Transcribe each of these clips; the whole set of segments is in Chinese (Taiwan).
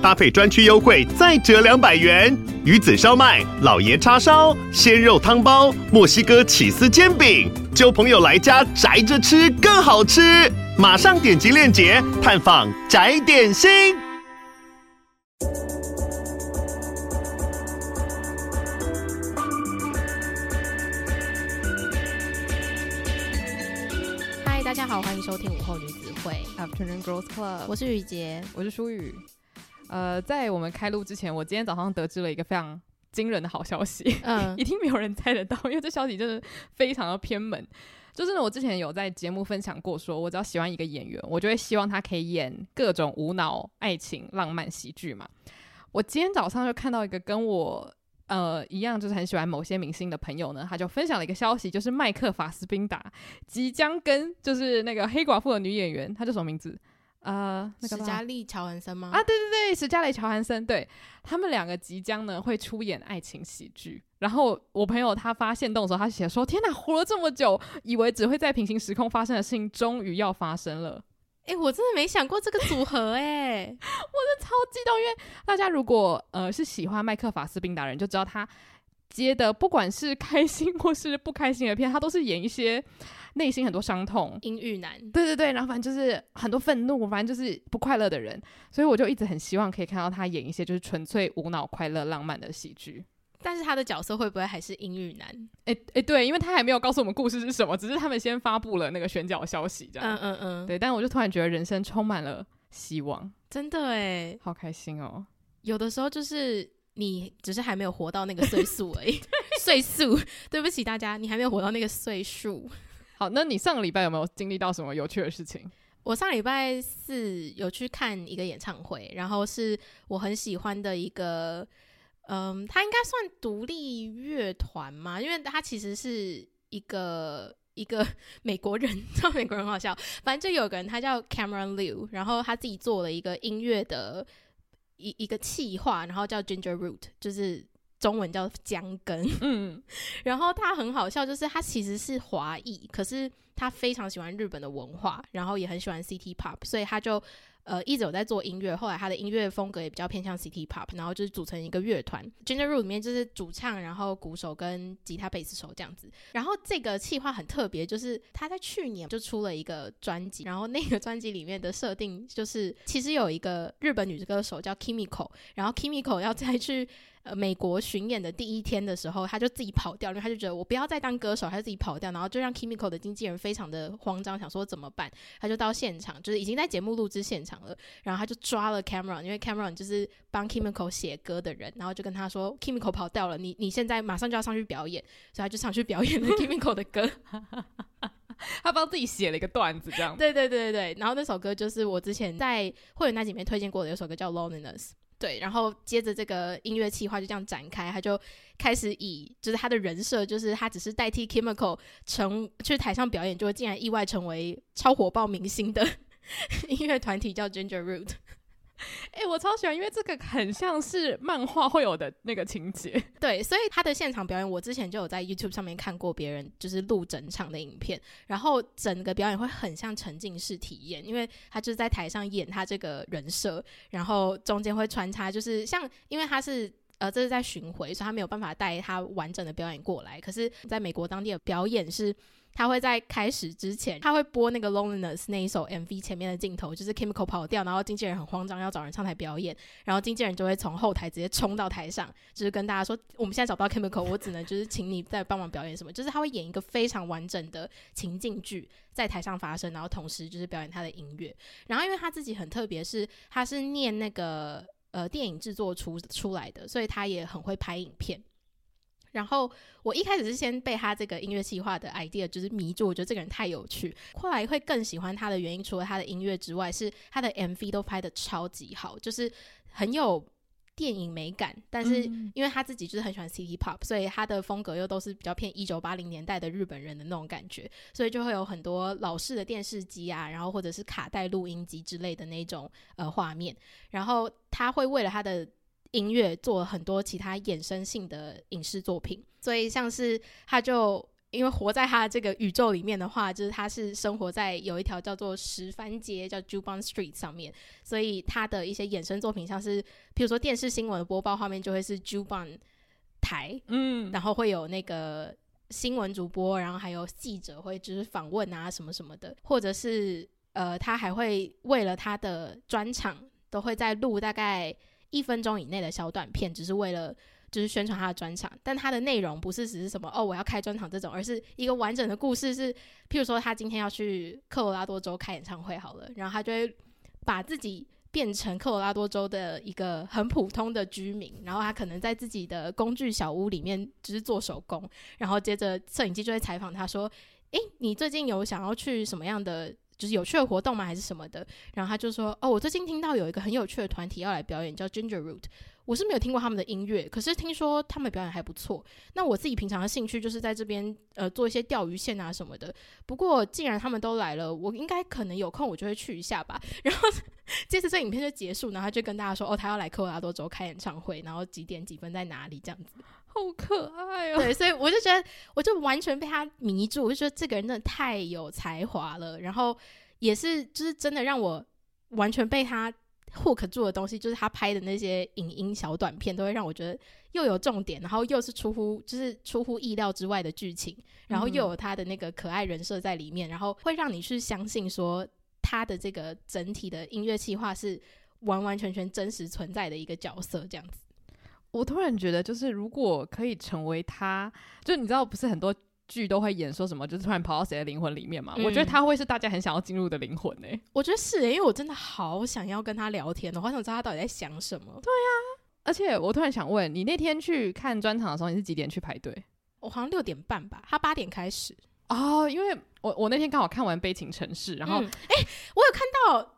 搭配專區優惠，再折兩百元。魚子燒賣、老爺叉燒、鮮肉湯包、墨西哥起司煎餅，叫朋友來家宅着吃更好吃。馬上點擊鏈接探訪宅點心。嗨，大家好，歡迎收聽午後女子會 Afternoon Girls Club，我是語婕，我是舒雨。呃，在我們開錄之前，我今天早上得知了一個非常驚人的好消息，嗯，一定沒有人猜得到，因為這消息真的非常的偏門。就是呢，我之前有在節目分享過說，說我只要喜歡一個演員，我就會希望他可以演各種無腦愛情、浪漫喜劇嘛。我今天早上就看到一個跟我呃一樣，就是很喜歡某些明星的朋友呢，他就分享了一個消息，就是麥克法斯賓達即將跟就是那個黑寡婦的女演員，她叫什麼名字？呃，那個史嘉蕾·喬韓森嗎？啊，對對對，史嘉蕾·喬韓森，對他們兩個即將呢會出演愛情喜劇。然後我朋友他發現動的時候，他寫說：“天哪，活了這麼久，以為只會在平行時空發生的事情，終於要發生了。”誒，我真的沒想過這個組合誒， 我真的超激動，因為大家如果呃是喜歡麥克法斯賓達人，就知道他接的不管是開心或是不開心的片，他都是演一些。內心很多傷痛，陰鬱男，對對對，然後反正就是很多憤怒，反正就是不快樂的人，所以我就一直很希望可以看到他演一些就是純粹無腦快樂浪漫的喜劇。但是他的角色會不會還是陰鬱男？誒誒，對，因為他還沒有告訴我們故事是什麼，只是他們先發佈了那個選角消息，這樣，嗯嗯嗯，嗯嗯對。但我就突然覺得人生充滿了希望，真的誒，好開心哦！有的時候就是你只是還沒有活到那個歲數而已， 對歲數，對不起大家，你還沒有活到那個歲數。好，那你上個禮拜有沒有經歷到什麼有趣的事情？我上禮拜是有去看一個演唱會，然後是我很喜歡的一個，嗯，他應該算獨立樂團嘛，因為他其實是一個一個美國人，叫美國人很好笑，反正就有個人他叫 Cameron Liu，然後他自己做了一個音樂的一一個企劃，然後叫 Ginger Root，就是。中文叫薑根，嗯，然後他很好笑，就是他其實是華裔，可是他非常喜歡日本的文化，然後也很喜歡 City Pop，所以他就呃一直有在做音樂。後來他的音樂風格也比較偏向 City Pop，然後就是組成一個樂團 Ginger Root 裡面就是主唱，然後鼓手跟吉他、貝斯手這樣子。然後這個企劃很特別，就是他在去年就出了一個專輯，然後那個專輯裡面的設定就是其實有一個日本女歌手叫 Kimiko，然後 Kimiko 要再去。美國巡演的第一天的時候，他就自己跑掉，因為他就覺得我不要再當歌手，他就自己跑掉，然後就讓 Kimiko 的經紀人非常的慌張，想說怎麼辦？他就到現場，就是已經在節目錄製現場了，然後他就抓了 Cameron，因為 Cameron 就是幫 Kimiko 寫歌的人，然後就跟他說 Kimiko 跑掉了，你你現在馬上就要上去表演，所以他就上去表演了 Kimiko 的歌， 他幫自己寫了一個段子這樣子。對對對對對，然後那首歌就是我之前在會員那裡面推薦過的，有首歌叫 Loneliness。對，然後接着這個音樂企劃就這樣展開，他就開始以就是他的人設，就是他只是代替 Chemical 成去台上表演，就竟然意外成為超火爆明星的呵呵音樂團體叫，叫 Ginger Root。誒、欸，我超喜歡，因為這個很像是漫畫會有的那個情節。對，所以他的現場表演，我之前就有在 YouTube 上面看過別人就是錄整場的影片，然後整個表演會很像沉浸式體驗，因為他就是在台上演他這個人設，然後中間會穿插，就是像因為他是呃這是在巡回，所以他沒有辦法帶他完整的表演過來，可是在美國當地的表演是。他會在開始之前，他會播那個《Loneliness》那一首 MV 前面的鏡頭，就是 Chemical 跑掉，然後經紀人很慌張，要找人上台表演，然後經紀人就會從後台直接衝到台上，就是跟大家說，我們現在找不到 Chemical，我只能就是請你再幫忙表演什麼， 就是他會演一個非常完整的情境劇在台上發生，然後同時就是表演他的音樂，然後因為他自己很特別是，是他是念那個呃電影制作出出來的，所以他也很會拍影片。然後我一開始是先被他這個音樂企劃的 idea 就是迷住，我覺得這個人太有趣。後來會更喜歡他的原因，除了他的音樂之外，是他的 MV 都拍得超級好，就是很有電影美感。但是因為他自己就是很喜歡 City Pop，嗯、所以他的風格又都是比較偏一九八零年代的日本人的那種感覺，所以就會有很多老式的電視機啊，然後或者是卡帶錄音機之類的那種呃畫面。然後他會為了他的。音樂做很多其他衍生性的影視作品，所以像是他就因為活在他的這個宇宙裡面的話，就是他是生活在有一條叫做十番街，叫 Juban Street 上面，所以他的一些衍生作品像是，譬如說電視新聞播報畫面就會是 Juban 台，嗯，然後會有那個新聞主播，然後還有記者會就是訪問啊什麼什麼的，或者是呃他還會為了他的專場都會在錄大概。一分鐘以內的小短片，只是為了就是宣傳他的專場，但他的內容不是只是什麼哦，我要開專場這種，而是一個完整的故事是。是譬如說，他今天要去科羅拉多州開演唱會好了，然後他就會把自己變成科羅拉多州的一個很普通的居民，然後他可能在自己的工具小屋裡面只是做手工，然後接着攝影機就會採訪他說：“誒、欸，你最近有想要去什麼樣的？”就是有趣的活動嗎，還是什麼的？然後他就說：“哦，我最近聽到有一個很有趣的團體要來表演，叫 Ginger Root。我是沒有聽過他們的音樂，可是聽說他們表演還不錯。那我自己平常的興趣就是在這邊呃做一些釣魚線啊什麼的。不過既然他們都來了，我應該可能有空，我就會去一下吧。然後接着這影片就結束，然後他就跟大家說：哦，他要來科羅拉多州開演唱會，然後幾點幾分在哪裡這樣子。”好可愛哦、喔！對，所以我就覺得，我就完全被他迷住。我就覺得這個人真的太有才華了。然後也是，就是真的讓我完全被他 hook 住的東西，就是他拍的那些影音小短片，都會讓我覺得又有重點，然後又是出乎就是出乎意料之外的劇情，然後又有他的那個可愛人設在裡面，嗯、哼然後會讓你去相信說他的這個整體的音樂企劃是完完全全真實存在的一個角色，這樣子。我突然覺得，就是如果可以成為他，就你知道，不是很多劇都會演說什麼，就是突然跑到誰的靈魂裡面嘛？嗯、我覺得他會是大家很想要進入的靈魂哎、欸。我覺得是、欸，因為我真的好想要跟他聊天，我好想知道他到底在想什麼。對呀、啊，而且我突然想問，你那天去看專場的時候，你是幾點去排隊？我好像六點半吧，他八點開始。哦，因為我我那天剛好看完《悲情城市》，然後哎、嗯欸，我有看到。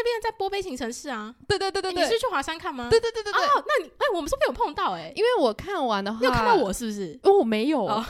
那邊在播《悲情城市》啊，對，對對對對，欸、你是，是去華山看嗎？對，對對對對，哦、啊，那你哎、欸，我們是不是有碰到，哎、欸，因為我看完的話，你有看到我是不是？哦，沒有。哦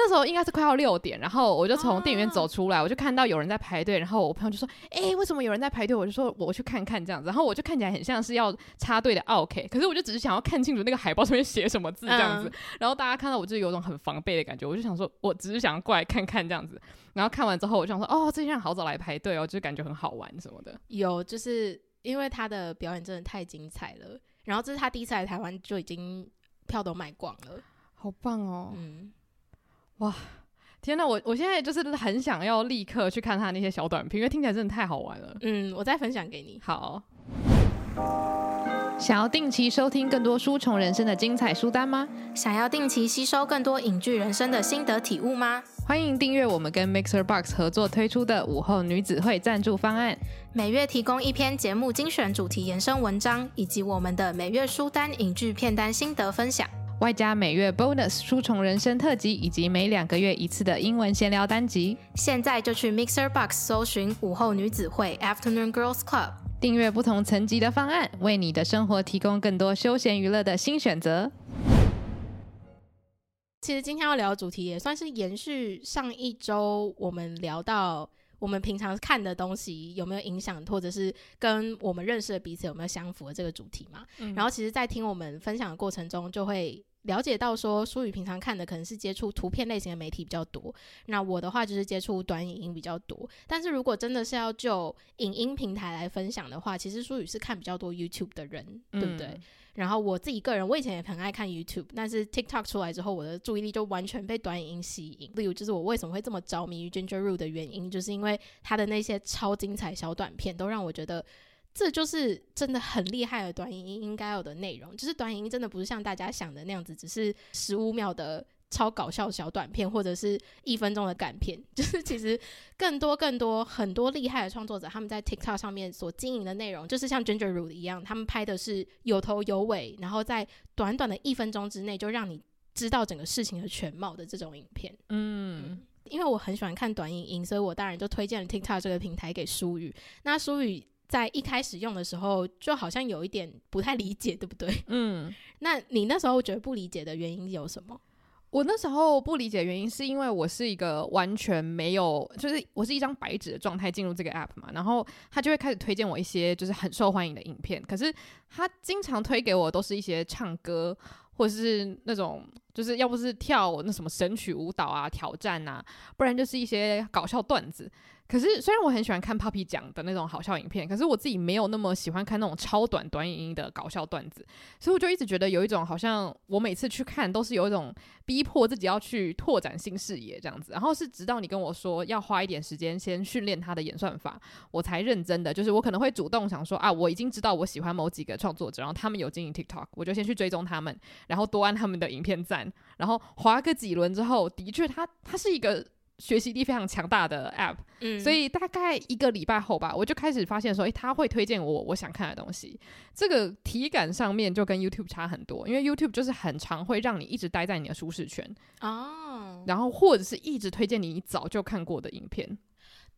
那時候應該是快要六點，然後我就從電影院走出來，啊、我就看到有人在排隊。然後我朋友就說：“誒、欸，為什麼有人在排隊？”我就說：“我去看看這樣子。”然後我就看起來很像是要插隊的 OK，可是我就只是想要看清楚那個海報上面寫什麼字這樣子。嗯、然後大家看到我就有種很防備的感覺，我就想說：“我只是想要過來看看這樣子。”然後看完之後，我就想說：“哦，這些人好早來排隊哦，就是感覺很好玩什麼的。”有，就是因為他的表演真的太精彩了。然後這是他第一次來台灣，就已經票都賣光了，好棒哦。嗯。哇，天吶！我我現在就是很想要立刻去看他那些小短片，因為聽起來真的太好玩了。嗯，我再分享給你。好，想要定期收聽更多書蟲人生的精彩書單嗎？想要定期吸收更多影劇人生的心得體悟嗎？歡迎訂閱我們跟 MixerBox 合作推出的午後女子會贊助方案，每月提供一篇節目精選主題延伸文章，以及我們的每月書單、影劇片單心得分享。外加每月 bonus 書蟲人生特輯，以及每兩個月一次的英文閒聊單集。現在就去 Mixer Box 搜尋“午後女子會 ”（Afternoon Girls Club），訂閱不同層級的方案，為你的生活提供更多休閒娛樂的新選擇。其實今天要聊的主題也算是延續上一周我們聊到我們平常看的東西有沒有影響，或者是跟我們認識的彼此有沒有相符的這個主題嘛。嗯、然後，其實，在聽我們分享的過程中，就會，了解到說，舒語平常看的可能是接觸圖片類型的媒體比較多。那我的話就是接觸短影音比較多。但是如果真的是要就影音平台來分享的話，其實舒語是看比較多 YouTube 的人，對不對？嗯、然後我自己個人，我以前也很愛看 YouTube，但是 TikTok 出來之後，我的注意力就完全被短影音吸引。例如，就是我為什麼會這麼着迷於 Ginger Root 的原因，就是因為他的那些超精彩小短片都讓我覺得。這就是真的很厲害的短影音應該有的內容，就是短影音真的不是像大家想的那樣子，只是十五秒的超搞笑小短片，或者是一分鐘的短片。就是其實更多更多很多厲害的創作者，他們在 TikTok 上面所經營的內容，就是像 Ginger Root 一樣，他們拍的是有頭有尾，然後在短短的一分鐘之內，就讓你知道整個事情的全貌的這種影片。嗯，嗯，因為我很喜歡看短影音，音，所以我當然就推薦了 TikTok 這個平台給舒語。那舒語在一開始用的時候，就好像有一點不太理解，對不對？嗯，那你那時候覺得不理解的原因有什麼？我那時候不理解的原因是因為我是一個完全沒有，就是我是一張白紙的狀態進入這個 app 嘛，然後他就會開始推薦我一些就是很受歡迎的影片，可是他經常推給我都是一些唱歌或是那種就是要不是跳那什麼神曲舞蹈啊，挑戰啊，不然就是一些搞笑段子。可是，雖然我很喜歡看 Puppy 講的那種好笑影片，可是我自己沒有那麼喜歡看那種超短短影音的搞笑段子，所以我就一直覺得有一種好像我每次去看都是有一種逼迫自己要去拓展新視野這樣子。然後是直到你跟我說要花一點時間先訓練他的演算法，我才認真的，就是我可能會主動想說啊，我已經知道我喜歡某幾個創作者，然後他們有經營 TikTok，我就先去追蹤他們，然後多按他們的影片讚，然後滑個幾輪之後，的確，他他是一個。學習力非常強大的 App，嗯，所以大概一個禮拜後吧，我就開始發現說，誒，欸，他會推薦我我想看的東西。這個體感上面就跟 YouTube 差很多，因為 YouTube 就是很常會讓你一直待在你的舒適圈，哦，然後或者是一直推薦你你早就看過的影片。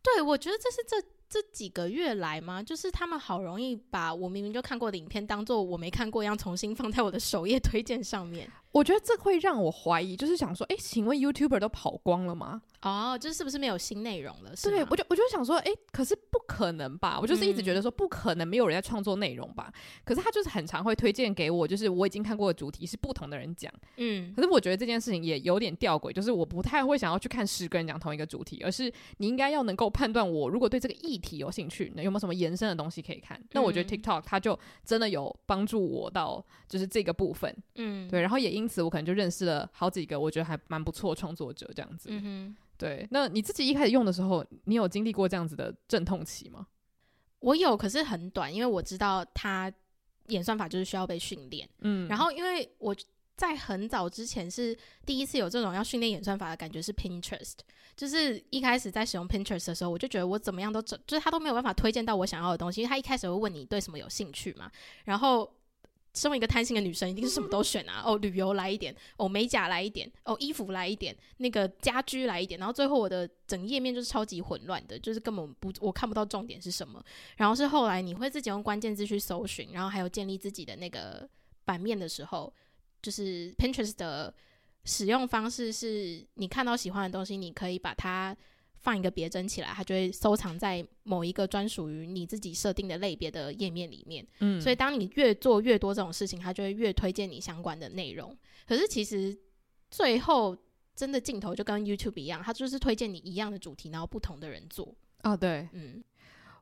對，我覺得這是這這幾個月來嘛，就是他們好容易把我明明就看過的影片當做我沒看過一樣，重新放在我的首頁推薦上面。我覺得這會讓我懷疑，就是想說，哎、欸，請問 YouTuber 都跑光了嗎？哦，oh, 這是不是沒有新內容了？是對，我就我就想說，哎、欸，可是不可能吧？我就是一直覺得說不可能沒有人在創作內容吧？嗯、可是他就是很常會推薦給我，就是我已經看過的主題是不同的人講，嗯，可是我覺得這件事情也有點吊詭，就是我不太會想要去看十個人講同一個主題，而是你應該要能夠判斷我如果對這個議題有興趣，那有沒有什麼延伸的東西可以看？嗯、那我覺得 TikTok 它就真的有幫助我到就是這個部分，嗯，對，然後也應。因此，我可能就認識了好幾個，我覺得還蠻不錯的創作者這樣子。嗯哼。對，那你自己一開始用的時候，你有經歷過這樣子的陣痛期嗎？我有，可是很短，因為我知道他演算法，就是需要被訓練。嗯，然後因為我在很早之前是第一次有這種要訓練演算法的感覺，是 Pinterest，就是一開始在使用 Pinterest 的時候，我就覺得我怎麼樣都整，就是他都沒有辦法推薦到我想要的東西，因為他一開始會問你對什麼有興趣嘛，然後。身為一個貪心的女生，一定是什麼都選啊！哦，旅遊來一點，哦，美甲來一點，哦，衣服來一點，那個家居來一點，然後最後我的整頁面就是超級混亂的，就是根本不，我看不到重點是什麼。然後是後來你會自己用關鍵字去搜尋，然後還有建立自己的那個版面的時候，就是 Pinterest 的使用方式，是你看到喜歡的東西，你可以把它。放一個別針起來，他就會收藏在某一個專屬於你自己設定的類別的頁面裡面。嗯。所以當你越做越多這種事情，他就會越推薦你相關的內容。可是其實最後真的鏡頭就跟 YouTube 一樣，他就是推薦你一樣的主題，然後不同的人做。啊，哦，對，嗯。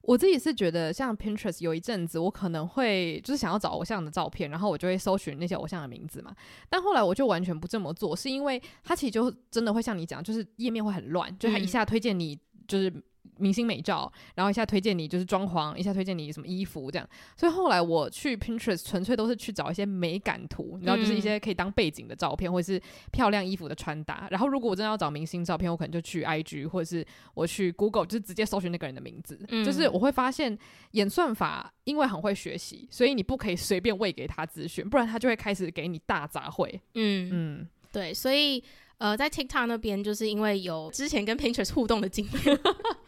我自己是覺得，像 Pinterest 有一陣子，我可能會就是想要找偶像的照片，然後我就會搜尋那些偶像的名字嘛。但後來我就完全不這麼做，是因為它其實就真的會像你講，就是頁面會很亂，就他一下推薦你就是、嗯。就是明星美照，然後一下推薦你就是裝潢，一下推薦你什麼衣服這樣。所以後來我去 Pinterest，純粹都是去找一些美感圖，然後、嗯、你知道、就是一些可以當背景的照片，或者是漂亮衣服的穿搭。然後如果我真的要找明星照片，我可能就去 IG，或者是我去 Google，就是直接搜尋那個人的名字。嗯、就是我會發現，演算法，因為很會學習，所以你不可以隨便餵給他資訊，不然他就會開始給你大雜燴。嗯嗯，嗯對，所以。呃，在 TikTok 那邊，就是因為有之前跟 Pinterest 互動的經驗，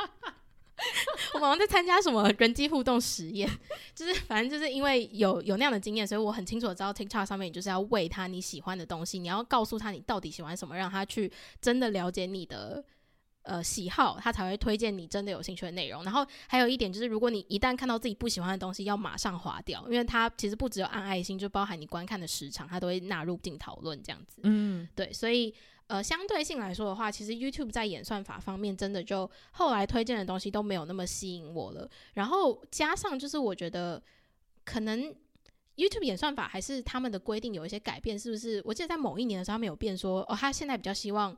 我好像在參加什麼人機互動實驗，就是反正就是因為有有那樣的經驗，所以我很清楚的知道 TikTok 上面你就是要餵他你喜歡的東西，你要告訴他你到底喜歡什麼，讓他去真的了解你的呃喜好，他才會推薦你真的有興趣的內容。然後還有一點就是，如果你一旦看到自己不喜歡的東西，要馬上劃掉，因為它其實不只有按愛心，就包含你觀看的時長，它都會納入進討論這樣子。嗯，對，所以。呃，相對性來說的話，其實 YouTube 在演算法方面真的就後來推薦的東西都沒有那麼吸引我了。然後加上就是，我覺得可能 YouTube 演算法還是他們的規定有一些改變，是不是？我記得在某一年的時候，他們有變說，哦，他現在比較希望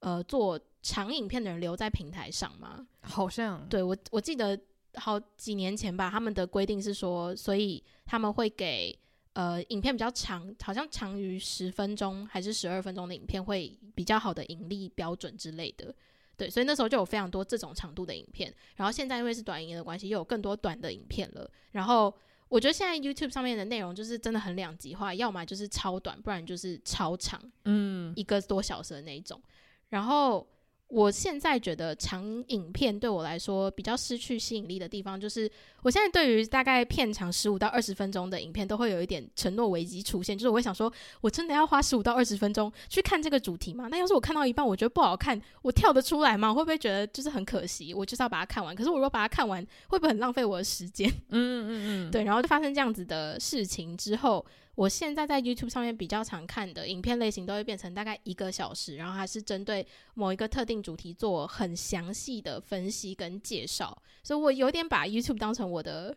呃做長影片的人留在平台上嘛。好像、啊，對，我、我記得好幾年前吧，他們的規定是說，所以他們會給。呃，影片比較長，好像長於十分鐘還是十二分鐘的影片會比較好的盈利標準之類的，對，所以那時候就有非常多這種長度的影片，然後現在因為是短影的關係，又有更多短的影片了。然後我覺得現在 YouTube 上面的內容就是真的很兩極化，要麼就是超短，不然就是超長，嗯，一個多小時的那一種，然後。我現在覺得長影片對我來說比較失去吸引力的地方，就是我現在對於大概片長十五到二十分鐘的影片，都會有一點承諾危機出現。就是我會想說，我真的要花十五到二十分鐘去看這個主題嗎？那要是我看到一半，我覺得不好看，我跳得出來嗎？會不會覺得就是很可惜？我就是要把它看完。可是我如果把它看完，會不會很浪費我的時間？嗯嗯嗯嗯，對。然後就發生這樣子的事情之後。我現在在 YouTube 上面比較常看的影片類型，都會變成大概一個小時，然後還是針對某一個特定主題做很詳細的分析跟介紹，所以我有點把 YouTube 當成我的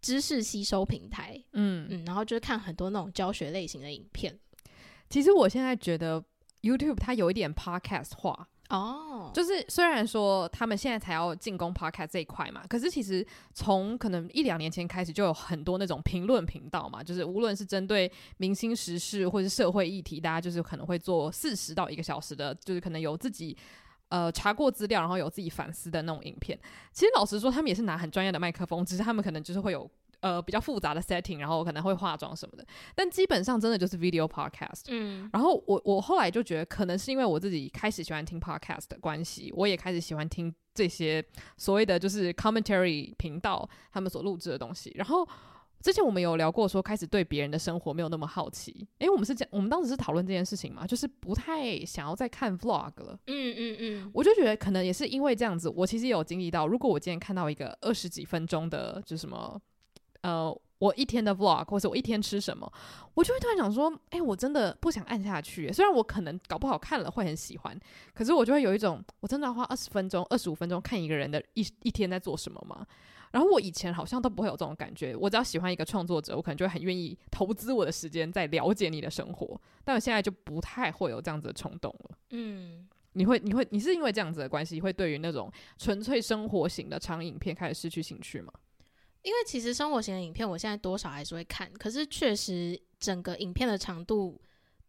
知識吸收平台。嗯嗯，然後就是看很多那種教學類型的影片。其實我現在覺得 YouTube 它有一點 Podcast 化。哦，oh. 就是雖然說他們現在才要進攻 podcast 這一塊嘛，可是其實從可能一兩年前開始，就有很多那種評論頻道嘛，就是無論是針對明星時事或是社會議題，大家就是可能會做四十到一個小時的，就是可能有自己呃查過資料，然後有自己反思的那種影片。其實老實說，他們也是拿很專業的麥克風，只是他們可能就是會有。呃，比較複雜的 setting，然後可能會化妝什麼的，但基本上真的就是 video podcast。嗯，然後我我後來就覺得，可能是因為我自己開始喜歡聽 podcast 的關係，我也開始喜歡聽這些所謂的就是 commentary 頻道他們所錄製的東西。然後之前我們有聊過，說開始對別人的生活沒有那麼好奇，因為我們是這樣，我們當時是討論這件事情嘛，就是不太想要再看 vlog 了。嗯嗯嗯，我就覺得可能也是因為這樣子，我其實也有經歷到，如果我今天看到一個二十幾分鐘的，就什麼。呃，uh, 我一天的 vlog，或者我一天吃什麼，我就會突然想說，哎、欸，我真的不想按下去。雖然我可能搞不好看了會很喜歡，可是我就會有一種，我真的要花二十分鐘、二十五分鐘看一個人的一一天在做什麼嗎？然後我以前好像都不會有這種感覺，我只要喜歡一個創作者，我可能就會很願意投資我的時間在了解你的生活。但我現在就不太會有這樣子的衝動了。嗯，你會，你會，你是因為這樣子的關係，會對於那種純粹生活型的長影片開始失去興趣嗎？因為其實生活型的影片，我現在多少還是會看，可是確實整個影片的長度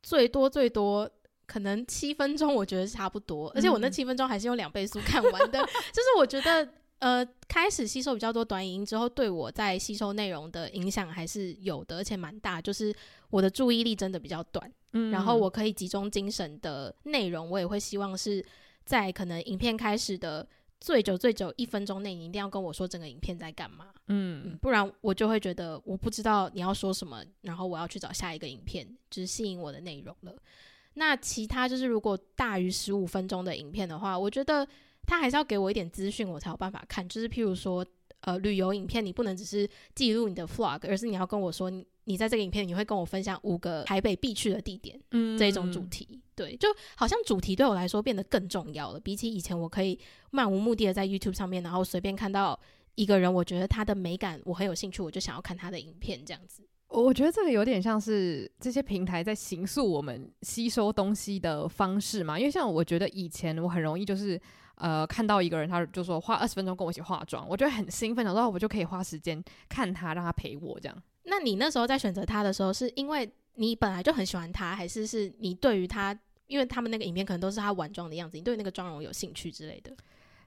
最多最多可能七分鐘，我覺得是差不多。嗯、而且我那七分鐘還是用兩倍速看完的， 就是我覺得呃開始吸收比較多短影音之後，對我在吸收內容的影響還是有的，而且蠻大。就是我的注意力真的比較短，嗯、然後我可以集中精神的內容，我也會希望是在可能影片開始的。最久最久一分鐘內，你一定要跟我說整個影片在幹嘛，嗯，嗯，不然我就會覺得我不知道你要說什麼，然後我要去找下一個影片，就是吸引我的內容了。那其他就是如果大於十五分鐘的影片的話，我覺得他還是要給我一點資訊，我才有辦法看。就是譬如說，呃，旅遊影片你不能只是記錄你的 vlog，而是你要跟我說你，你在這個影片你會跟我分享五個台北必去的地點，嗯，這一種主題。對，就好像主題對我來說變得更重要了。比起以前，我可以漫無目的的在 YouTube 上面，然後隨便看到一個人，我覺得他的美感我很有興趣，我就想要看他的影片這樣子。我覺得這個有點像是這些平台在形塑我們吸收東西的方式嘛。因為像我覺得以前我很容易就是呃看到一個人，他就說花二十分鐘跟我一起化妝，我覺得很興奮，然後我就可以花時間看他，讓他陪我這樣。那你那時候在選擇他的時候，是因為？你本來就很喜歡他，還是是你對於他，因為他們那個影片可能都是他玩妝的樣子，你對那個妝容有興趣之類的？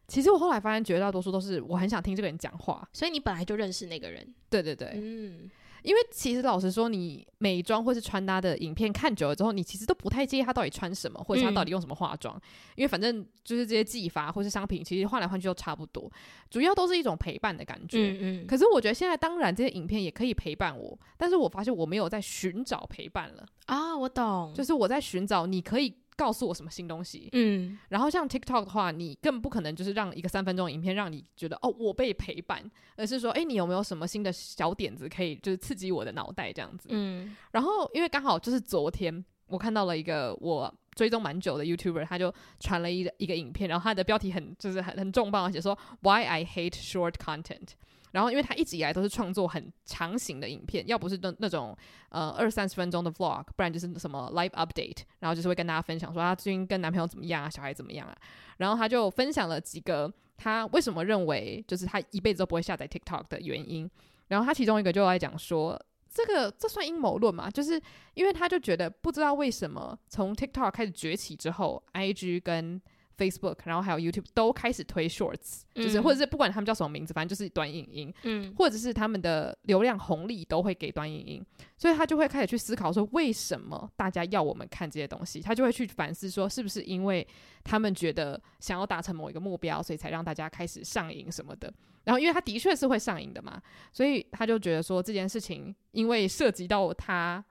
其實我後來發現，絕大多數都是我很想聽這個人講話。所以你本來就認識那個人。對對對，嗯。因為其實老實說，你美妝或是穿搭的影片看久了之後，你其實都不太介意他到底穿什麼，或者是他到底用什麼化妝。嗯，因為反正就是這些技法或是商品，其實換來換去都差不多，主要都是一種陪伴的感覺。嗯嗯。可是我覺得現在當然這些影片也可以陪伴我，但是我發現我沒有在尋找陪伴了啊！我懂，就是我在尋找你可以告訴我什麼新東西？嗯，然後像 TikTok 的話，你更不可能就是讓一個三分鐘的影片讓你覺得哦，我被陪伴，而是說，哎，你有沒有什麼新的小點子可以就是刺激我的腦袋這樣子？嗯，然後因為剛好就是昨天我看到了一個我追蹤蠻久的 YouTuber，他就傳了一個一個影片，然後他的標題很就是很很重磅，而且說 Why I Hate Short Content。然後，因為他一直以來都是創作很長型的影片，要不是那那種呃二三十分鐘的 vlog，不然就是什麼 live update，然後就是會跟大家分享說他最近跟男朋友怎麼樣啊，小孩怎麼樣啊。然後他就分享了幾個他為什麼認為就是他一輩子都不會下載 TikTok 的原因。然後他其中一個就來講說，這個這算陰謀論嘛，就是因為他就覺得不知道為什麼從 TikTok 開始崛起之後，IG 跟 Facebook，然後還有 YouTube 都開始推 Shorts，嗯，就是或者是不管他們叫什麼名字，反正就是短影音，嗯，或者是他們的流量紅利都會給短影音，所以他就會開始去思考說，為什麼大家要我們看這些東西？他就會去反思說，是不是因為他們覺得想要達成某一個目標，所以才讓大家開始上癮什麼的？然後因為他的確是會上癮的嘛，所以他就覺得說這件事情因為涉及到他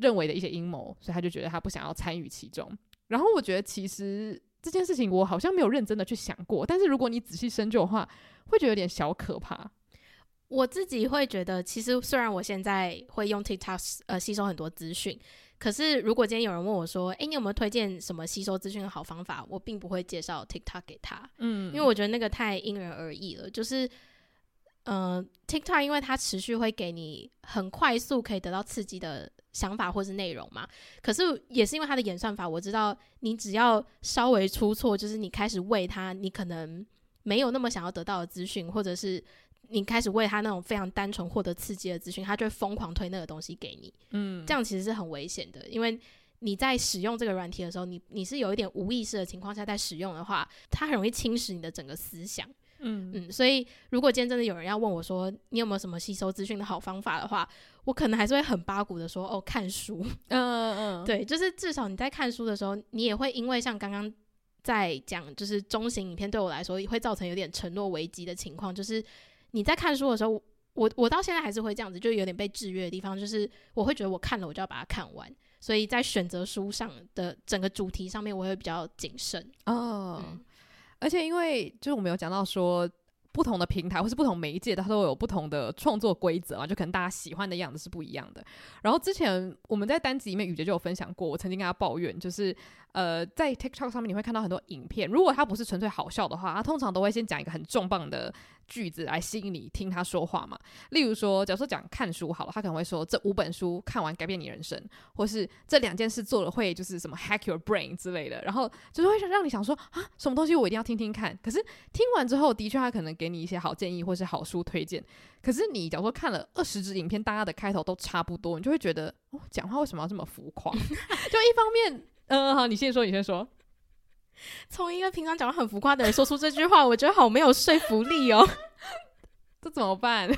認為的一些陰謀，所以他就覺得他不想要參與其中。然後我覺得其實。這件事情我好像沒有認真的去想過，但是如果你仔細深究的話，會覺得有點小可怕。我自己會覺得，其實雖然我現在會用 TikTok 呃吸收很多資訊，可是如果今天有人問我說，誒，你有沒有推薦什麼吸收資訊的好方法？我並不會介紹 TikTok 給他，嗯，因為我覺得那個太因人而異了，就是。嗯，呃，TikTok 因為它持續會給你很快速可以得到刺激的想法或是內容嘛，可是也是因為它的演算法，我知道你只要稍微出錯，就是你開始餵它，你可能沒有那麼想要得到的資訊，或者是你開始餵它那種非常單純獲得刺激的資訊，它就會瘋狂推那個東西給你。嗯，這樣其實是很危險的，因為你在使用這個軟體的時候，你你是有一點無意識的情況下在使用的話，它很容易侵蝕你的整個思想。嗯嗯，所以如果今天真的有人要問我說，你有沒有什麼吸收資訊的好方法的話，我可能還是會很八股的說哦，看書。嗯嗯，嗯嗯對，就是至少你在看書的時候，你也會因為像剛剛在講，就是中型影片對我來說會造成有點承諾危機的情況，就是你在看書的時候，我我到現在還是會這樣子，就有點被制約的地方，就是我會覺得我看了我就要把它看完，所以在選擇書上的整個主題上面，我會比較謹慎哦。嗯嗯而且，因為就是我們有講到說，不同的平台或是不同媒介，它都有不同的創作規則嘛，就可能大家喜歡的樣子是不一樣的。然後之前我們在單集裡面，語婕就有分享過，我曾經跟他抱怨，就是。呃，在 TikTok 上面你會看到很多影片，如果他不是純粹好笑的話，他通常都會先講一個很重磅的句子來吸引你聽他說話嘛。例如說，假如說講看書好了，他可能會說這五本書看完改變你人生，或是這兩件事做了會就是什麼 hack your brain 之類的，然後就是會想讓你想說啊，什麼東西我一定要聽聽看。可是聽完之後，的確他可能給你一些好建議或是好書推薦。可是你假如說看了二十支影片，大家的開頭都差不多，你就會覺得哦，講話為什麼要這麼浮誇？ 就一方面。嗯，好，你先說，你先說。從一個平常講話很浮誇的人說出這句話， 我覺得好沒有說服力哦、喔。 這怎麼辦？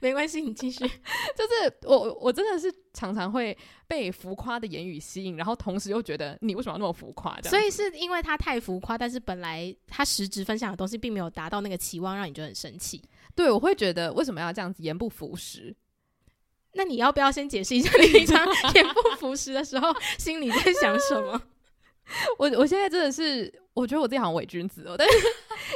沒關係，你繼續。 就是我，我真的是常常會被浮誇的言語吸引，然後同時又覺得你為什麼要那麼浮誇？所以是因為他太浮誇，但是本來他實質分享的東西並沒有達到那個期望，讓你覺得很生氣。對，我會覺得為什麼要這樣子言不符實？那你要不要先解釋一下你平常恬不服實的時候心裡在想什麼？ 我我現在真的是，我覺得我自己好像偽君子哦。但是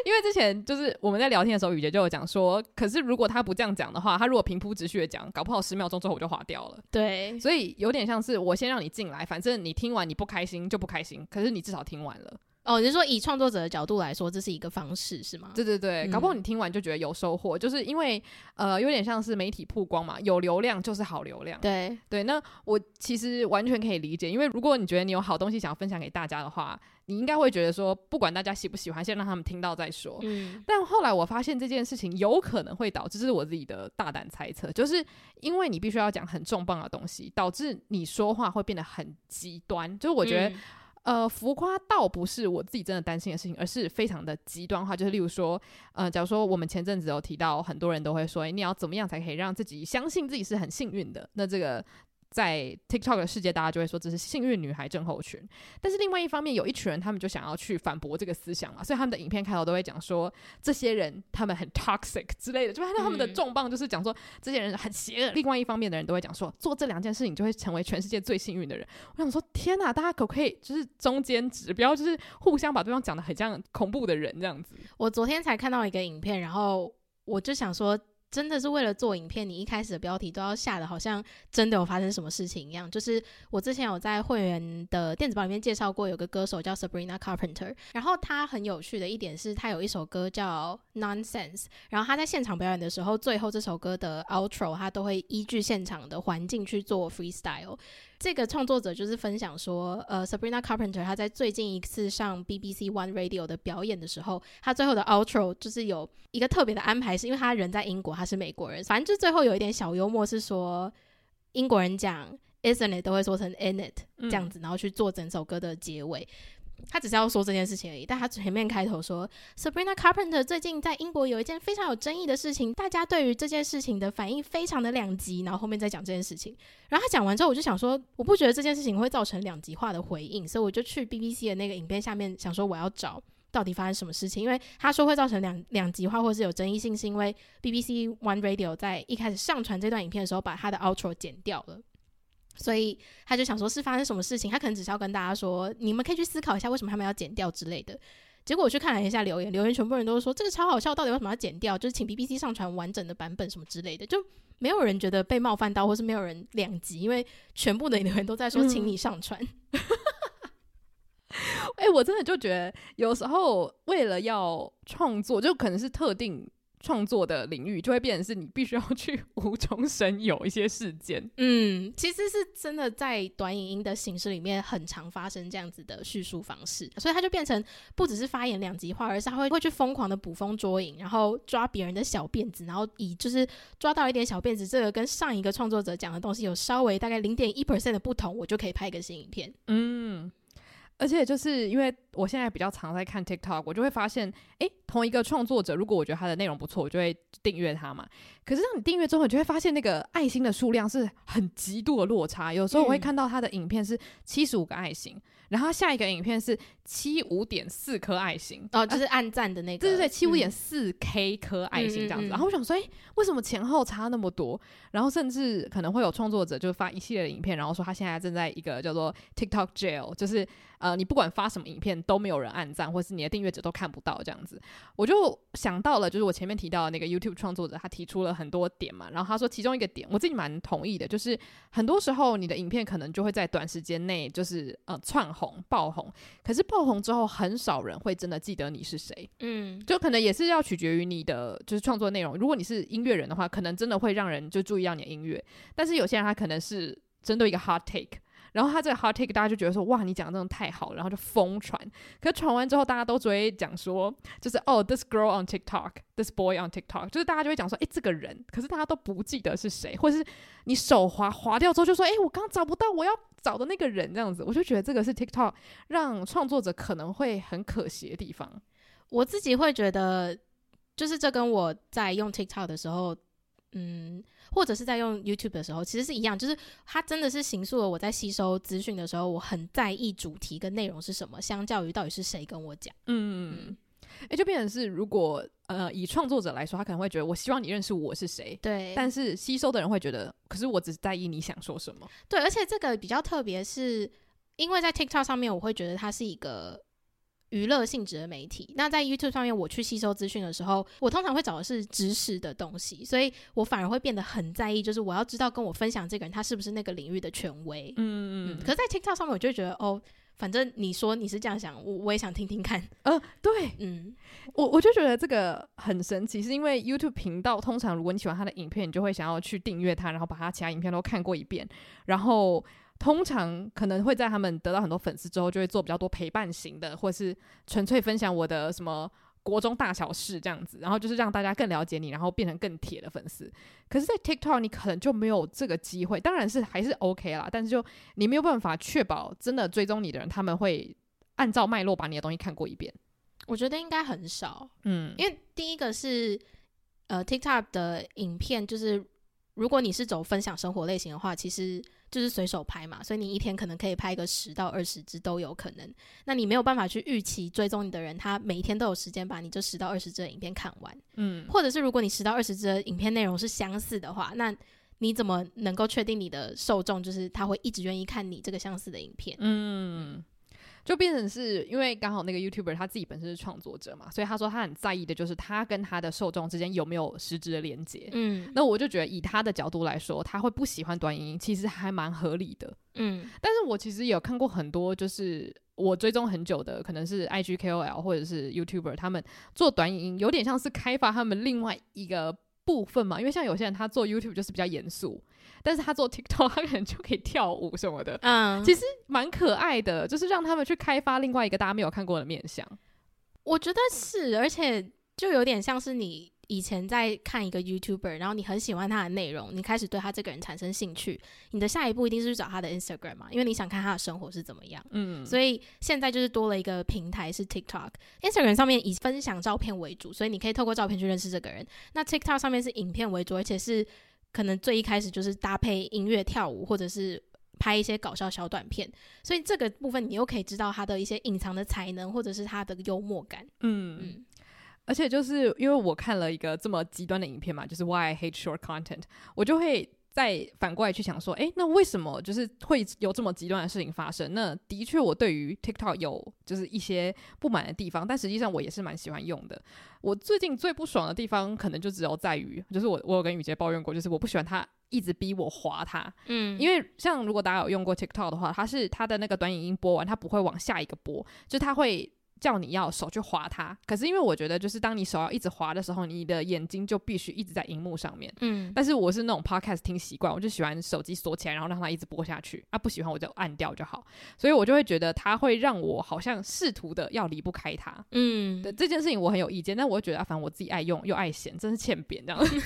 因為之前就是我們在聊天的時候，語婕就有講說，可是如果他不這樣講的話，他如果平鋪直敘的講，搞不好十秒鐘之後我就劃掉了。對，所以有點像是我先讓你進來，反正你聽完你不開心就不開心，可是你至少聽完了。哦，你就是說以創作者的角度來說，這是一個方式是嗎？對對對，搞不好你聽完就覺得有收穫，嗯、就是因為呃，有點像是媒體曝光嘛，有流量就是好流量。對對，那我其實完全可以理解，因為如果你覺得你有好東西想要分享給大家的話，你應該會覺得說，不管大家喜不喜歡，先讓他們聽到再說。嗯、但後來我發現這件事情有可能會導致，這是我自己的大膽猜測，就是因為你必須要講很重磅的東西，導致你說話會變得很極端。就是我覺得、嗯。呃，浮誇倒不是我自己真的擔心的事情，而是非常的極端化，就是例如說，呃，假如說我們前陣子有提到，很多人都會說，欸，你要怎麼樣才可以讓自己相信自己是很幸運的？那這個。在 TikTok 的世界，大家就會說這是幸運女孩症候群。但是另外一方面，有一群人他們就想要去反駁這個思想嘛，所以他們的影片開頭都會講說這些人他們很 toxic 之類的，就看到他們的重磅就是講說這些人很邪惡。嗯，另外一方面的人都會講說做這兩件事情就會成為全世界最幸運的人。我想說，天哪，大家可不可以就是中間指標就是互相把對方講的很像恐怖的人這樣子？我昨天才看到一個影片，然後我就想說。真的是為了做影片，你一開始的標題都要下的好像真的有發生什麼事情一樣。就是我之前有在會員的電子報裡面介紹過，有個歌手叫 Sabrina Carpenter，然後他很有趣的一點是，他有一首歌叫 Nonsense，然後他在現場表演的時候，最後這首歌的 outro，他都會依據現場的環境去做 freestyle。這個創作者就是分享說，呃，Sabrina Carpenter，他在最近一次上 BBC One Radio 的表演的時候，他最後的 Outro 就是有一個特別的安排，是因為他人在英國，他是美國人，反正就最後有一點小幽默，是說英國人講 Isn't it 都會說成 In it 這樣子，嗯，然後去做整首歌的結尾。他只是要說這件事情而已，但他前面開頭說，Sabrina Carpenter 最近在英國有一件非常有爭議的事情，大家對於這件事情的反應非常的兩極，然後後面再講這件事情。然後他講完之後，我就想說，我不覺得這件事情會造成兩極化的回應，所以我就去 BBC 的那個影片下面想說，我要找到底發生什麼事情，因為他說會造成兩兩極化或者是有爭議性，是因為 BBC One Radio 在一開始上傳這段影片的時候，把他的 outro 剪掉了。所以他就想說，是發生什麼事情？他可能只是要跟大家說，你們可以去思考一下，為什麼他們要剪掉之類的。結果我去看了一下留言，留言全部人都說這個超好笑，到底為什麼要剪掉？就是請 BBC 上傳完整的版本什麼之類的，就沒有人覺得被冒犯到，或是沒有人兩極，因為全部的留言都在說，請你上傳。哎、嗯 欸，我真的就覺得有時候為了要創作，就可能是特定。創作的領域就會變成是你必須要去無中生有一些事件。嗯，其實是真的在短影音的形式裡面很常發生這樣子的敘述方式，所以它就變成不只是發言兩極化，而是它會會去瘋狂的捕風捉影，然後抓別人的小辮子，然後以就是抓到一點小辮子，這個跟上一個創作者講的東西有稍微大概零點一 percent 的不同，我就可以拍一個新影片。嗯，而且就是因為。我現在比較常在看 TikTok，我就會發現，誒、欸，同一個創作者，如果我覺得他的內容不錯，我就會訂閱他嘛。可是當你訂閱之後，你就會發現那個愛心的數量是很極度的落差。有時候我會看到他的影片是七十五個愛心，嗯、然後下一個影片是七五點四顆愛心，哦，就是按讚的那個，對對對，七五點四 K 顆愛心這樣子。嗯、嗯嗯嗯，然後我想說，誒、欸，為什麼前後差那麼多？然後甚至可能會有創作者就發一系列的影片，然後說他現在正在一個叫做 TikTok Jail，就是呃，你不管發什麼影片。都沒有人按讚，或者是你的訂閱者都看不到這樣子，我就想到了，就是我前面提到的那個 YouTube 創作者，他提出了很多點嘛，然後他說其中一個點，我自己蠻同意的，就是很多時候你的影片可能就會在短時間內就是呃竄紅、爆紅，可是爆紅之後很少人會真的記得你是誰，嗯，就可能也是要取決於你的就是創作內容，如果你是音樂人的話，可能真的會讓人就注意到你的音樂，但是有些人他可能是針對一個 hard take。然後他這個 hot take，大家就覺得說哇，你講的真的太好，然後就瘋傳。可是傳完之後，大家都只會講說，就是哦，this girl on TikTok，this boy on TikTok，就是大家就會講說，誒，這個人，可是大家都不記得是誰，或者是你手滑滑掉之後，就說，誒，我剛找不到我要找的那個人這樣子。我就覺得這個是 TikTok 讓創作者可能會很可惜的地方。我自己會覺得，就是這跟我在用 TikTok 的時候。嗯，或者是在用 YouTube 的時候，其實是一樣，就是它真的是形塑了我在吸收資訊的時候，我很在意主題跟內容是什麼，相較於到底是誰跟我講。嗯，哎、嗯，就變成是如果呃以創作者來說，他可能會覺得我希望你認識我是誰。對。但是吸收的人會覺得，可是我只是在意你想說什麼。對，而且這個比較特別是因為在 TikTok 上面，我會覺得它是一個。娛樂性質的媒體，那在 YouTube 上面，我去吸收資訊的時候，我通常會找的是知識的東西，所以我反而會變得很在意，就是我要知道跟我分享這個人他是不是那個領域的權威。嗯嗯。嗯，可是，在 TikTok 上面，我就會覺得，哦，反正你說你是這樣想，我我也想聽聽看。呃，對，嗯，我我就覺得這個很神奇，是因為 YouTube 頻道通常如果你喜歡他的影片，你就會想要去訂閱他，然後把他其他影片都看過一遍，然後。通常可能會在他們得到很多粉絲之後，就會做比較多陪伴型的，或是純粹分享我的什麼國中大小事這樣子，然後就是讓大家更了解你，然後變成更鐵的粉絲。可是，在 TikTok 你可能就沒有這個機會，當然是還是 OK 啦。但是就你沒有辦法確保真的追蹤你的人，他們會按照脈絡把你的東西看過一遍。我覺得應該很少，嗯，因為第一個是呃 TikTok 的影片，就是如果你是走分享生活類型的話，其實。就是隨手拍嘛，所以你一天可能可以拍個十到二十支都有可能。那你沒有辦法去預期追蹤你的人，他每一天都有時間把你這十到二十支的影片看完，嗯。或者是如果你十到二十支的影片內容是相似的話，那你怎麼能夠確定你的受眾就是他會一直願意看你這個相似的影片？嗯，嗯，嗯，嗯。就變成是因為剛好那個 YouTuber 他自己本身是創作者嘛，所以他說他很在意的就是他跟他的受眾之間有沒有實質的連結。嗯，那我就覺得以他的角度來說，他會不喜歡短影音，其實還蠻合理的。嗯，但是我其實有看過很多，就是我追蹤很久的，可能是 IG KOL 或者是 YouTuber，他們做短影音有點像是開發他們另外一個部分嘛，因為像有些人他做 YouTube 就是比較嚴肅。但是他做 TikTok，他可能就可以跳舞什麼的，嗯，其實蠻可愛的，就是讓他們去開發另外一個大家沒有看過的面向。我覺得是，而且就有點像是你以前在看一個 YouTuber，然後你很喜歡他的內容，你開始對他這個人產生興趣，你的下一步一定是去找他的 Instagram 嘛，因為你想看他的生活是怎麼樣。嗯，所以現在就是多了一個平台是 TikTok，Instagram 上面以分享照片為主，所以你可以透過照片去認識這個人。那 TikTok 上面是影片為主，而且是。可能最一開始就是搭配音樂跳舞，或者是拍一些搞笑小短片，所以這個部分你又可以知道他的一些隱藏的才能，或者是他的幽默感。嗯嗯，嗯，而且就是因為我看了一個這麼極端的影片嘛，就是 "Why I Hate Short Content"，我就會。再反過來去想說，哎、欸，那為什麼就是會有這麼極端的事情發生？那的確，我對於 TikTok 有就是一些不滿的地方，但實際上我也是蠻喜歡用的。我最近最不爽的地方，可能就只有在於，就是我我有跟語婕抱怨過，就是我不喜歡他一直逼我划它。嗯，因為像如果大家有用過 TikTok 的話，它是它的那個短影音播完，它不會往下一個播，就它會，叫你要手去滑它，可是因為我覺得，就是當你手要一直滑的時候，你的眼睛就必須一直在熒幕上面。嗯，但是我是那種 podcast 聽習慣，我就喜歡手機鎖起來，然後讓它一直播下去。啊，不喜歡我就按掉就好。所以我就會覺得它會讓我好像試圖的要離不開它。嗯，對這件事情我很有意見，但我覺得反正我自己愛用又愛嫌，真是欠扁這樣子。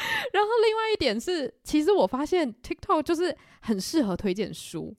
然後另外一點是，其實我發現 TikTok 就是很適合推薦書。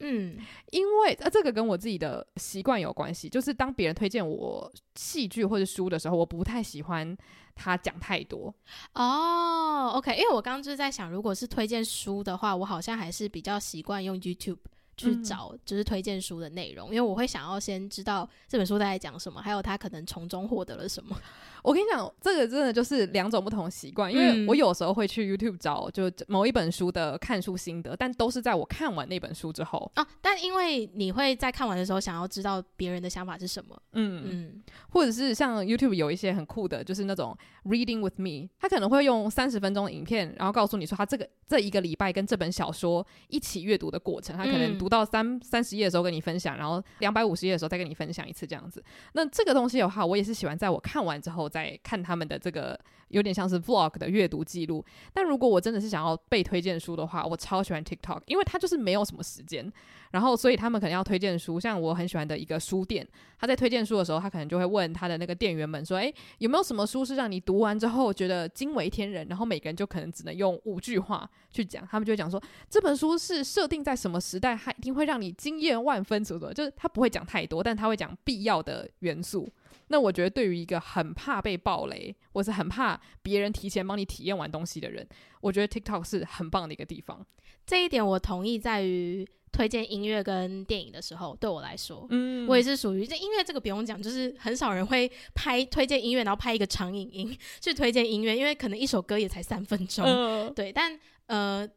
嗯，因為呃、啊，這個跟我自己的習慣有關係，就是當別人推薦我戲劇或者書的時候，我不太喜歡他講太多哦。OK，因為我剛剛就在想，如果是推薦書的話，我好像還是比較習慣用 YouTube 去找，就是推薦書的內容。嗯、因為我會想要先知道這本書在講什麼，還有他可能從中獲得了什麼。我跟你講，這個真的就是兩種不同的習慣，因為我有時候會去 YouTube 找，就某一本書的看書心得，但都是在我看完那本書之後啊。但因為你會在看完的時候想要知道別人的想法是什麼，嗯嗯，嗯或者是像 YouTube 有一些很酷的，就是那種 Reading with me，他可能會用三十分鐘的影片，然後告訴你說他這個這一個禮拜跟這本小說一起閱讀的過程，他可能讀到三三十頁的時候跟你分享，然後兩百五十頁的時候再跟你分享一次這樣子。那這個東西的話，我也是喜歡在我看完之後。在看他們的這個有點像是 vlog 的閱讀記錄，但如果我真的是想要被推薦書的話，我超喜歡 TikTok，因為它就是沒有什麼時間，然後所以他們可能要推薦書，像我很喜歡的一個書店，他在推薦書的時候，他可能就會問他的那個店員們說：“誒，有沒有什麼書是讓你讀完之後覺得驚為天人？”然後每個人就可能只能用五句話去講，他們就會講說這本書是設定在什麼時代，它一定會讓你驚豔萬分，什麼什麼，就是他不會講太多，但他會講必要的元素。那我覺得，對於一個很怕被爆雷，或是很怕別人提前幫你體驗完東西的人，我覺得 TikTok 是很棒的一個地方。這一點我同意，在於推薦音樂跟電影的時候，對我來說，嗯，我也是屬於這音樂這個不用講，就是很少人會拍推薦音樂，然後拍一個長影音去推薦音樂，因為可能一首歌也才三分鐘，呃、對。但呃，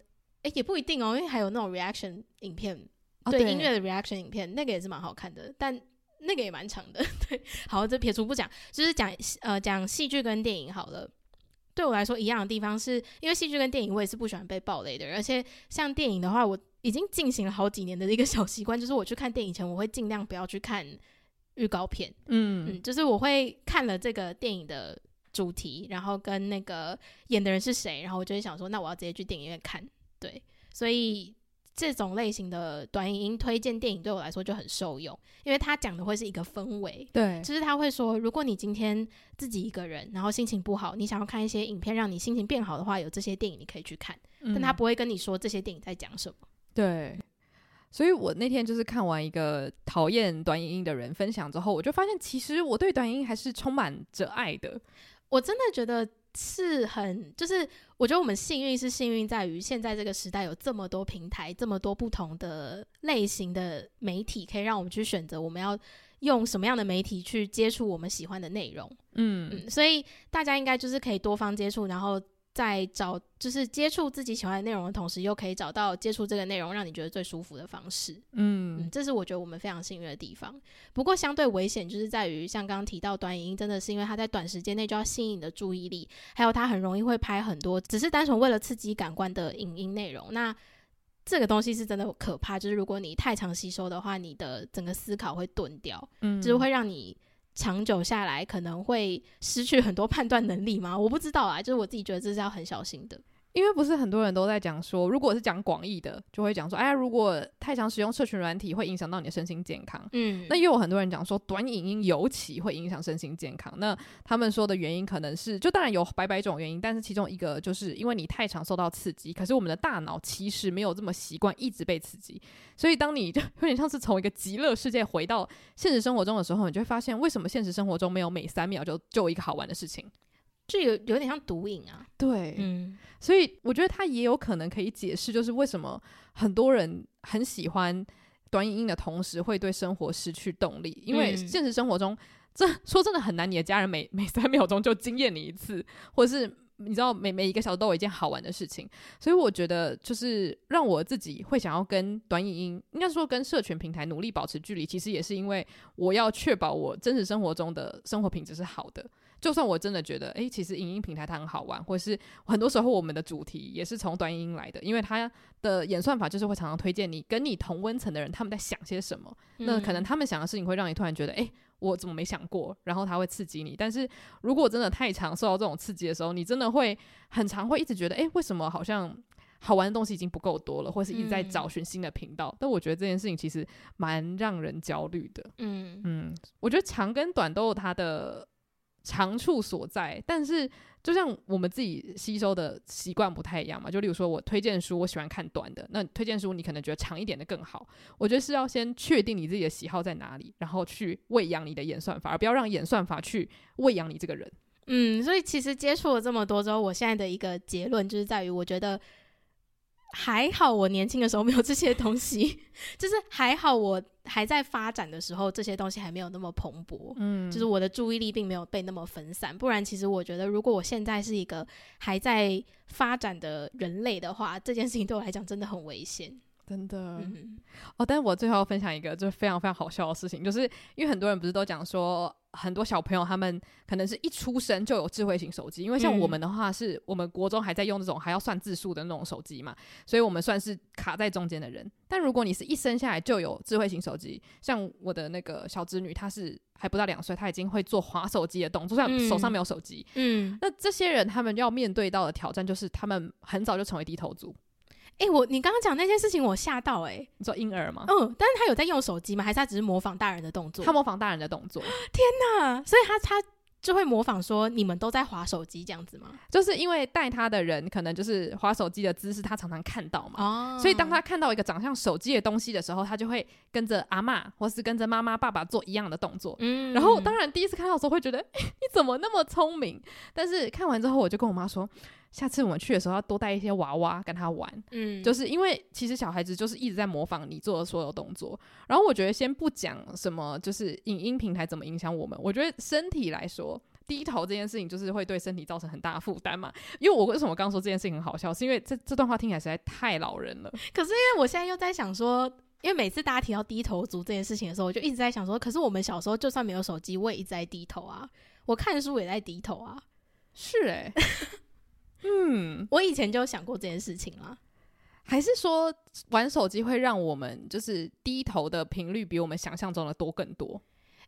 也不一定哦，因為還有那種 reaction 影片，哦、對，對音樂的 reaction 影片，那個也是蠻好看的，但。那個也蠻長的，對。好，這撇除不講，就是講呃講戲劇跟電影好了。對我來說一樣的地方是，因為戲劇跟電影，我也是不喜歡被爆雷的。而且像電影的話，我已經進行了好幾年的一個小習慣，就是我去看電影前，我會盡量不要去看預告片。嗯嗯，就是我會看了這個電影的主題，然後跟那個演的人是誰，然後我就會想說，那我要直接去電影院看。對，所以。這種類型的短影音推薦電影對我來說就很受用，因為他講的會是一個氛圍。對，就是他會說，如果你今天自己一個人，然後心情不好，你想要看一些影片讓你心情變好的話，有這些電影你可以去看，嗯、但他不會跟你說這些電影在講什麼。對，所以我那天就是看完一個討厭短影音的人分享之後，我就發現其實我對短影音還是充滿着愛的。我真的覺得。是很，就是我覺得我們幸運是幸運在於現在這個時代有這麼多平台，這麼多不同的類型的媒體可以讓我們去選擇我們要用什麼樣的媒體去接觸我們喜歡的內容，嗯，嗯，所以大家應該就是可以多方接觸，然後。在找，就是接觸自己喜歡的內容的同時，又可以找到接觸這個內容讓你覺得最舒服的方式。嗯，這是我覺得我們非常幸運的地方。不過相對危險就是在於，像剛剛提到短影音，真的是因為它在短時間內就要吸引你的注意力，還有它很容易會拍很多只是單純為了刺激感官的影音內容。那這個東西是真的可怕，就是如果你太常吸收的話，你的整個思考會鈍掉，嗯，就是會讓你。長久下來，可能會失去很多判斷能力嗎？我不知道啊，就是我自己覺得這是要很小心的。因為不是很多人都在講說，如果是講廣義的，就會講說，哎，如果太常使用社群軟體，會影響到你的身心健康。嗯，那也有很多人講說，短影音尤其會影響身心健康。那他們說的原因，可能是就當然有百百種原因，但是其中一個就是因為你太常受到刺激，可是我們的大腦其實沒有這麼習慣一直被刺激，所以當你就有點像是從一個極樂世界回到現實生活中的時候，你就會發現為什麼現實生活中沒有每三秒就就一個好玩的事情。這個有，有點像毒癮啊！對，嗯、所以我覺得他也有可能可以解釋，就是為什麼很多人很喜歡短影音的同時，會對生活失去動力。嗯、因為現實生活中，這說真的很難，你的家人每每三秒鐘就驚艷你一次，或者是你知道每每一個小時都有一件好玩的事情。所以我覺得，就是讓我自己會想要跟短影音，應該說跟社群平台努力保持距離，其實也是因為我要確保我真實生活中的生活品質是好的。就算我真的覺得，誒、欸，其實影音平台它很好玩，或是很多時候我們的主題也是從短影音來的，因為它的演算法就是會常常推薦你跟你同溫層的人他們在想些什麼，嗯、那可能他們想的事情會讓你突然覺得，哎、欸，我怎麼沒想過？然後它會刺激你。但是如果真的太長，受到這種刺激的時候，你真的會很常會一直覺得，哎、欸，為什麼好像好玩的東西已經不夠多了，或是一直在找尋新的頻道？嗯、但我覺得這件事情其實蠻讓人焦慮的。嗯嗯，我覺得長跟短都有它的。長處所在，但是就像我們自己吸收的習慣不太一樣嘛。就例如說，我推薦書，我喜歡看短的，那推薦書你可能覺得長一點的更好。我覺得是要先確定你自己的喜好在哪裡，然後去餵養你的演算法，而不要讓演算法去餵養你這個人。嗯，所以其實接觸了這麼多之後，我現在的一個結論就是在於，我覺得。還好我年輕的時候沒有這些東西，就是還好我還在發展的時候，這些東西還沒有那麼蓬勃，嗯，就是我的注意力並沒有被那麼分散，不然其實我覺得，如果我現在是一個還在發展的人類的話，這件事情對我來講真的很危險，真的。嗯、哦，但是我最後要分享一個就是非常非常好笑的事情，就是因為很多人不是都講說。很多小朋友他們可能是一出生就有智慧型手機，因為像我們的話，是我們國中還在用那種還要算字數的那種手機嘛，所以我們算是卡在中間的人。但如果你是一生下來就有智慧型手機，像我的那個小侄女，她是還不到兩歲，她已經會做滑手機的動作，雖然手上沒有手機。嗯，嗯，那這些人他們要面對到的挑戰就是，他們很早就成為低頭族。誒、欸，我你剛剛講那件事情我、欸，我嚇到誒，你說嬰兒嗎？嗯，但是他有在用手機嗎？還是他只是模仿大人的動作？他模仿大人的動作。天哪！所以他他就會模仿說，你們都在滑手機這樣子嗎？就是因為帶他的人可能就是滑手機的姿勢，他常常看到嘛。哦。所以當他看到一個長相手機的東西的時候，他就會跟着阿嬤或是跟着媽媽、爸爸做一樣的動作。嗯。然後當然第一次看到的時候會覺得，欸、你怎麼那麼聰明？但是看完之後，我就跟我媽說。下次我們去的時候要多帶一些娃娃跟他玩，嗯，就是因為其實小孩子就是一直在模仿你做的所有動作。然後我覺得先不講什麼，就是影音平台怎麼影響我們。我覺得身體來說，低頭這件事情就是會對身體造成很大負擔嘛。因為我為什麼剛說這件事情很好笑，是因為這這段話聽起來實在太老人了。可是因為我現在又在想說，因為每次大家提到低頭族這件事情的時候，我就一直在想說，可是我們小時候就算沒有手機，我也一直在低頭啊，我看書也在低頭啊，是誒、欸。 嗯，我以前就想過這件事情啦，還是說玩手機會讓我們就是低頭的頻率比我們想象中的多更多？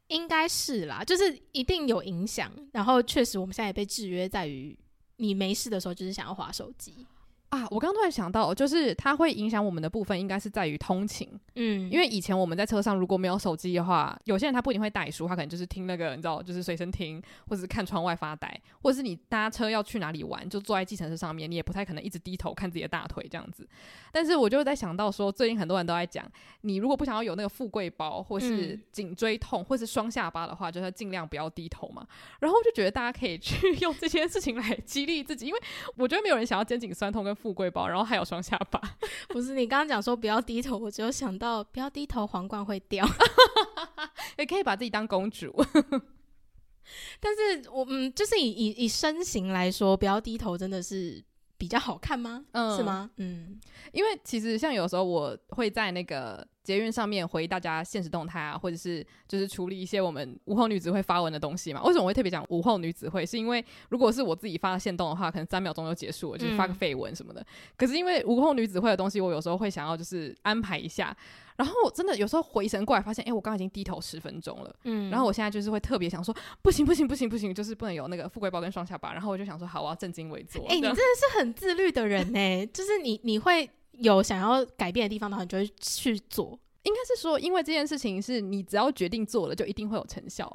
應該是啦，就是一定有影響。然後確實我們現在也被制約在於，你沒事的時候就是想要滑手機。啊，我剛剛突然想到，就是它會影響我們的部分，應該是在於通勤。嗯，因為以前我們在車上如果沒有手機的話，有些人他不一定會帶書，他可能就是聽那個你知道，就是隨身聽，或者是看窗外發呆，或者是你搭車要去哪裡玩，就坐在計程車上面，你也不太可能一直低頭看自己的大腿這樣子。但是我就在想到說，最近很多人都在講，你如果不想要有那個富貴包，或是頸椎痛，或是雙下巴的話，就是盡量不要低頭嘛。然後我就覺得大家可以去用這些事情來激勵自己，因為我覺得沒有人想要肩頸痠痛跟。富貴包，然後還有雙下巴， 不是你剛剛講說不要低頭，我只有想到不要低頭，皇冠會掉， 也可以把自己當公主。 但是我，我嗯，就是以以以身形來說，不要低頭真的是比較好看嗎？嗯，是嗎？嗯，因為其實像有時候我會在那個。捷運上面回大家限時動態啊，或者是就是處理一些我們午後女子會發文的東西嘛。為什麼我會特別講午後女子會？是因為如果是我自己發限動的話，可能三秒鐘就結束了，就是發個廢文什麼的。嗯、可是因為午後女子會的東西，我有時候會想要就是安排一下。然後我真的有時候回神過來，發現哎、欸，我剛剛已經低頭十分鐘了，嗯，然後我現在就是會特別想說，不行不行不行不行，就是不能有那個富貴包跟雙下巴。然後我就想說，好，我要正襟危坐。哎、欸，啊、你真的是很自律的人呢、欸， 就是你你會。有想要改變的地方的話，你就會去做。應該是說，因為這件事情是你只要決定做了，就一定會有成效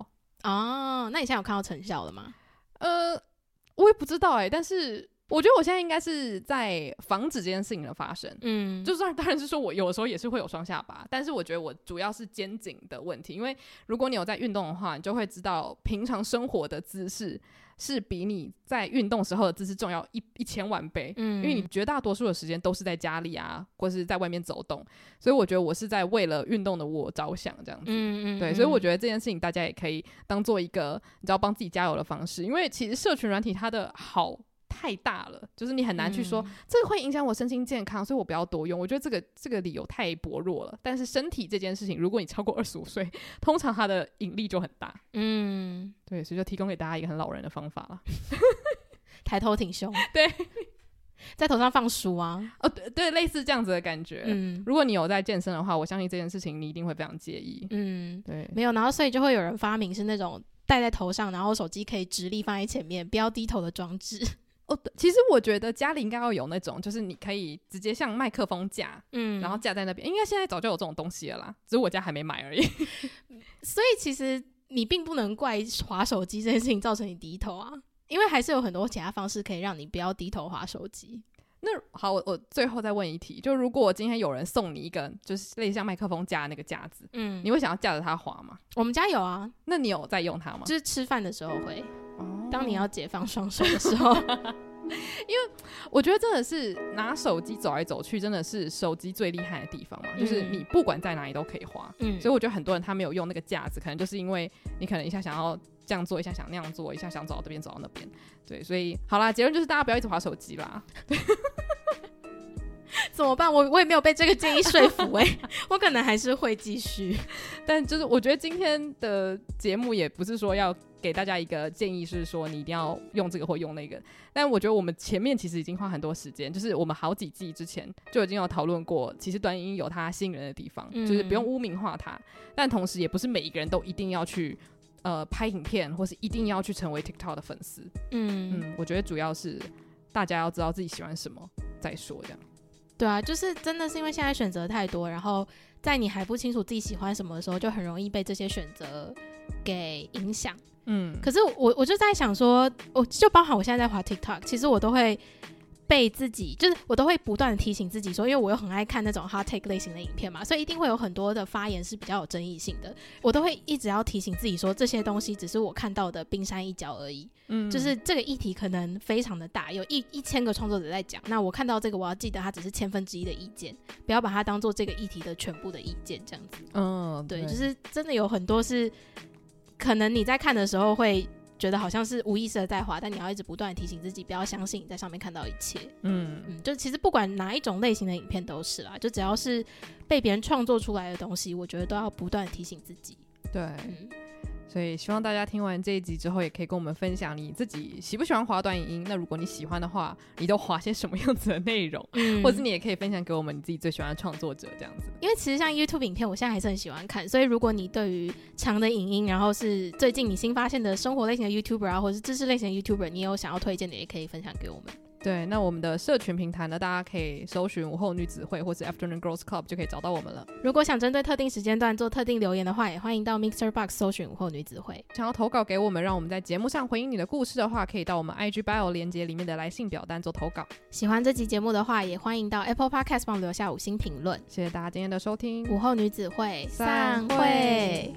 哦。那你現在有看到成效了嗎？呃，我也不知道欸，但是。我覺得我現在應該是在防止這件事情的發生，嗯，就算當然是說我有的時候也是會有雙下巴，但是我覺得我主要是肩頸的問題，因為如果你有在運動的話，你就會知道平常生活的姿勢是比你在運動時候的姿勢重要一一千萬倍，嗯，因為你絕大多數的時間都是在家裡啊，或是在外面走動，所以我覺得我是在為了運動的我着想這樣子，嗯嗯，嗯嗯，對，所以我覺得這件事情大家也可以當做一個你知道幫自己加油的方式，因為其實社群軟體它的好。太大了，就是你很難去說、嗯、這個會影響我身心健康，所以我不要多用。我覺得這個這個理由太薄弱了。但是身體這件事情，如果你超過二十五歲，通常它的引力就很大。嗯，對，所以就提供給大家一個很老人的方法了， 抬頭挺胸，對，在頭上放書啊，哦對，對，類似這樣子的感覺。嗯，如果你有在健身的話，我相信這件事情你一定會非常介意。嗯，對，沒有，然後所以就會有人發明是那種戴在頭上，然後手機可以直立放在前面，不要低頭的裝置。哦對，其實我覺得家裡應該要有那種，就是你可以直接像麥克風架，嗯，然後架在那邊。應該現在早就有這種東西了啦，只是我家還沒買而已。所以其實你並不能怪滑手機這件事情造成你低頭啊，因為還是有很多其他方式可以讓你不要低頭滑手機。那好，我我最後再問一題，就如果今天有人送你一個就是類似像麥克風架那個架子，嗯，你會想要架着它滑嗎？我們家有啊。那你有在用它嗎？就是吃飯的時候會。當你要解放雙手的時候，嗯、 因為我覺得真的是拿手機走來走去，真的是手機最厲害的地方嘛，嗯、就是你不管在哪裡都可以滑。嗯，所以我覺得很多人他沒有用那個架子，可能就是因為你可能一下想要這樣做，一下想那樣做，一下想走到這邊，走到那邊。對，所以好啦，結論就是大家不要一直滑手機吧。對 怎麼辦？我我也沒有被這個建議說服哎、欸， 我可能還是會繼續。但就是我覺得今天的節目也不是說要。給大家一個建議是說，你一定要用這個或用那個。但我覺得我們前面其實已經花很多時間，就是我們好幾季之前就已經有討論過，其實短影音有它吸引人的地方，嗯、就是不用污名化它。但同時，也不是每一個人都一定要去呃拍影片，或是一定要去成為 TikTok 的粉絲。嗯嗯，我覺得主要是大家要知道自己喜歡什麼再說，這樣。對啊，就是真的是因為現在選擇太多，然後在你還不清楚自己喜歡什麼的時候，就很容易被這些選擇給影響。嗯，可是我我就在想說，我就包含我現在在滑 TikTok，其實我都會被自己，就是我都會不斷的提醒自己說，因為我又很愛看那種 hot take 類型的影片嘛，所以一定會有很多的發言是比較有爭議性的。我都會一直要提醒自己說，這些東西只是我看到的冰山一角而已。嗯、嗯，就是這個議題可能非常的大，有一一千個創作者在講，那我看到這個，我要記得它只是千分之一的意見，不要把它當做這個議題的全部的意見這樣子。嗯、哦，對、對，就是真的有很多是。可能你在看的時候會覺得好像是無意識的在滑，但你要一直不斷提醒自己，不要相信你在上面看到一切。嗯，嗯，就其實不管哪一種類型的影片都是啦，就只要是被別人創作出來的東西，我覺得都要不斷提醒自己。對。嗯。所以希望大家聽完這一集之後，也可以跟我們分享你自己喜不喜歡滑短影音。那如果你喜歡的話，你都滑些什麼樣子的內容？嗯，或者是你也可以分享給我們你自己最喜歡的創作者這樣子。因為其實像 YouTube 影片，我現在還是很喜歡看。所以如果你對於長的影音，然後是最近你新發現的生活類型的 YouTuber 啊，或者是知識類型的 YouTuber，你有想要推薦的，也可以分享給我們。對，那我們的社群平台呢？大家可以搜尋午後女子會或是 Afternoon Girls Club 就可以找到我們了。如果想針對特定時間段做特定留言的話，也歡迎到 MixerBox 搜尋午後女子會。想要投稿給我們，讓我們在節目上回應你的故事的話，可以到我們 IG bio 連接裡面的來信表單做投稿。喜歡這期節目的話，也歡迎到 Apple Podcast 幫我留下五星評論。謝謝大家今天的收聽，午後女子會散會。上會